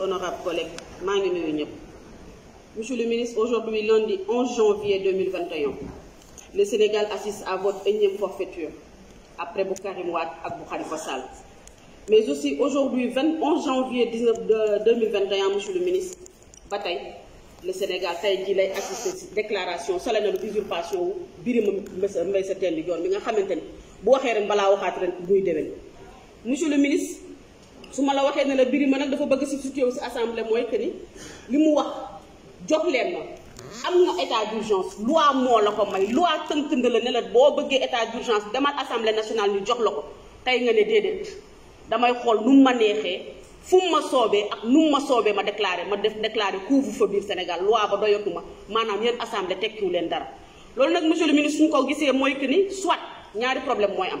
honorable collègue monsieur le ministre aujourd'hui lundi 11 janvier 2021 le Sénégal assiste à votre énième forfaiture après Boukhari Mouad et ak mais aussi aujourd'hui 21 janvier 2021 monsieur le ministre le Sénégal a jii lay cette déclaration solennelle d'usurpation wu Birima Mbay sa teen bi nga xamante de bu waxee ren monsieur le ministre suma la waxé ne la Birima nak dafa bëgg ci situé ci assemblée moy que ni limu wax jox leen ma am état d'urgence loi mo la ko may loi tënk na la ne la boo bëggee état d'urgence demal assemblée nationale ñu jox lako tay nga né dédét damay xol nu ma nexé fu ma soobee ak nu ma soobee ma déclarer ma def déclarer couvre-feu biir Sénégal loi ba doyatuma manam yeen assemblée tekki wu leen dara loolu nak monsieur le ministre suñu ko gisé moy que ni soit ñaari problème moy am.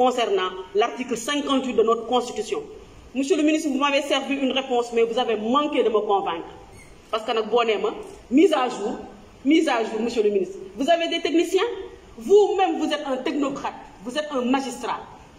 concernant l'article 58 de notre Constitution. Monsieur le ministre, vous m'avez servi une réponse, mais vous avez manqué de me convaincre. Parce que bonheur, mise à jour, mise à jour, monsieur le ministre. Vous avez des techniciens Vous-même, vous êtes un technocrate, vous êtes un magistrat.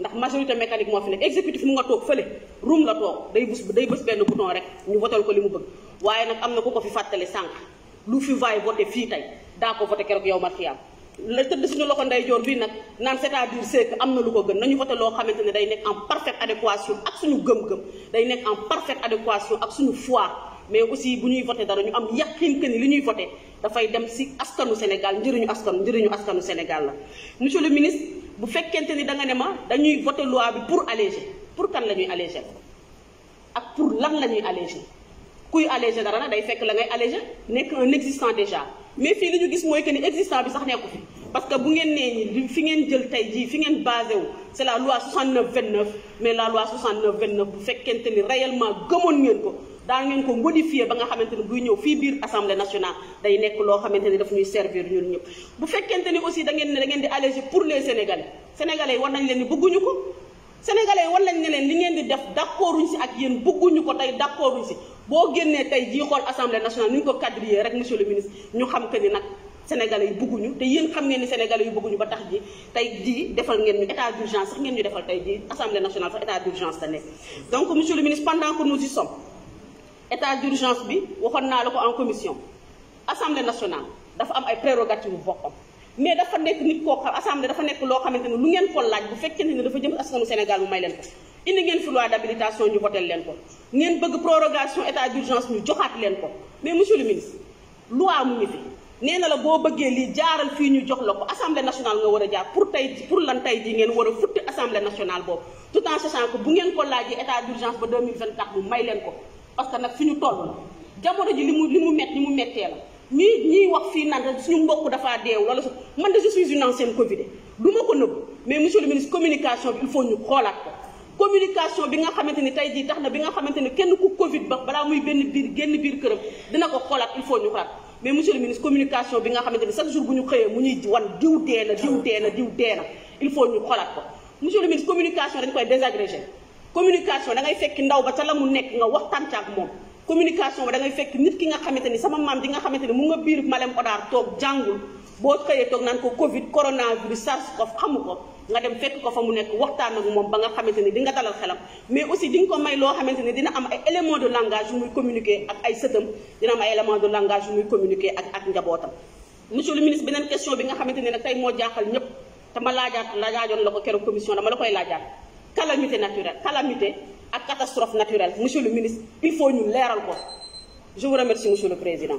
ndax majorité mécanique moo fi nekk exécutif mu nga toog fële ruum la toog day bus day bës benn bouton rek ñu votal ko li mu bëgg waaye nag am na ku ko fi fàttali sànq lu fi vaay voté fii tey daa ko voté keroog yow ma fi am la tëdd suñu loxo ndeyjoor bii nag naan cest à am na lu ko gën nañu voté loo xamante ne day nekk en parfaite adéquation ak suñu gëm-gëm day nekk en parfaite adéquation ak suñu foi mais aussi bu ñuy voté dara ñu am yàqin que ni li ñuy voté dafay dem si askanu Sénégal njëriñu askanu njëriñu askanu Sénégal la. monsieur le ministre bu fekkente ni da nga ne ma dañuy voté loi bi pour alléger pour kan la ñuy alléger ak pour lan la ñuy alléger kuy alléger dara na day fekk la ngay alléger nekk un existant déjà mais fii li ñu gis mooy que ni existant bi sax nekku fi. parce que bu ngeen nee ni fi ngeen jël tey jii fi ngeen basé wu c' est la mais la loi 69 29 bu fekkente ni réellement gëmoon ngeen ko. daa ngeen ko modifier ba nga xamanteni buy ñew fi biir assemblée nationale day nekk loo xamanteni daf ñuy servir ñun ñëpp bu fekkente ni aussi da ngeen ne da ngeen di alléger pour les sénégalais sénégalais war nañ leen ni bëgguñu ko sénégalais war nañ ne leen li ngeen di def d'accorduñ si ak yéen bëgguñu ko tey d'accorduñ si boo génnee tey jii xool assemblée nationale ni ñu ko quadriller rek monsieur le ministre ñu xam que ni nag sénégalais yi bëgguñu te yéen xam ngeen ni sénégalais yu bëgguñu ba tax ji tey jii defal ngeen ñu état d'urgence sax ngeen ñu defal tey jii assemblée nationale sax état d'urgence la nekk donc monsieur le ministre pendant que nous y sommes état d'urgence bi waxoon naa la en commission assemblée nationale dafa am ay prérogatives bu mais dafa nek nit ko xam assemblée dafa nek lo xamanteni lu ngeen ko laaj bu fekkene ni dafa jëm askanu Sénégal mu may leen ko indi ngeen fi loi d'habilitation ñu voté len ko ngeen bëgg prorogation état d'urgence ñu joxat len ko mais monsieur le ministre loi mu ngi fi nee la bo bëgge li jaaral fi ñu jox lako assemblée nationale nga wara jaar pour tay pour lan tay jii ngeen wara futti assemblée nationale boobu tout en sachant que bu ngeen ko laaj état d'urgence ba 2024 mu may leen ko parce que la wax suñu mbokk man je suis une ancienne Covid mais monsieur le ministre communication il faut nous xolat ko communication bi nga xamanteni tay di taxna bi nga xamanteni kenn ku Covid ba là muy benn biir dina ko il faut ñu mais monsieur le ministre communication bi nga xamanteni chaque jour bu il faut ñu xolat monsieur le ministre communication dañ koy désagrégé communication dangay ngay fekk ndaw ba ca la mu nekk nga waxtaan ca moom communication ba da ngay fekk nit ki nga xamante ni sama maam di nga xamante ni mu nga biir Malem Hodar toog jàngul boo xëyee toog naan ko Covid coronavirus SARS ko xamu ko nga dem fekk ko fa mu nekk waxtaan ak moom ba nga xamante ni dinga nga dalal xelam mais aussi di nga ko may loo xamante ni dina am ay élément de langage yu muy communiquer ak ay sëtam dina am ay élément de langage yu muy communiquer ak ak njabootam. monsieur le ministre beneen question bi nga xamante ko keroog calamité naturelle calamité à catastrophe naturelle monsieur le ministre il faut nous l'air encore. je vous remercie monsieur le président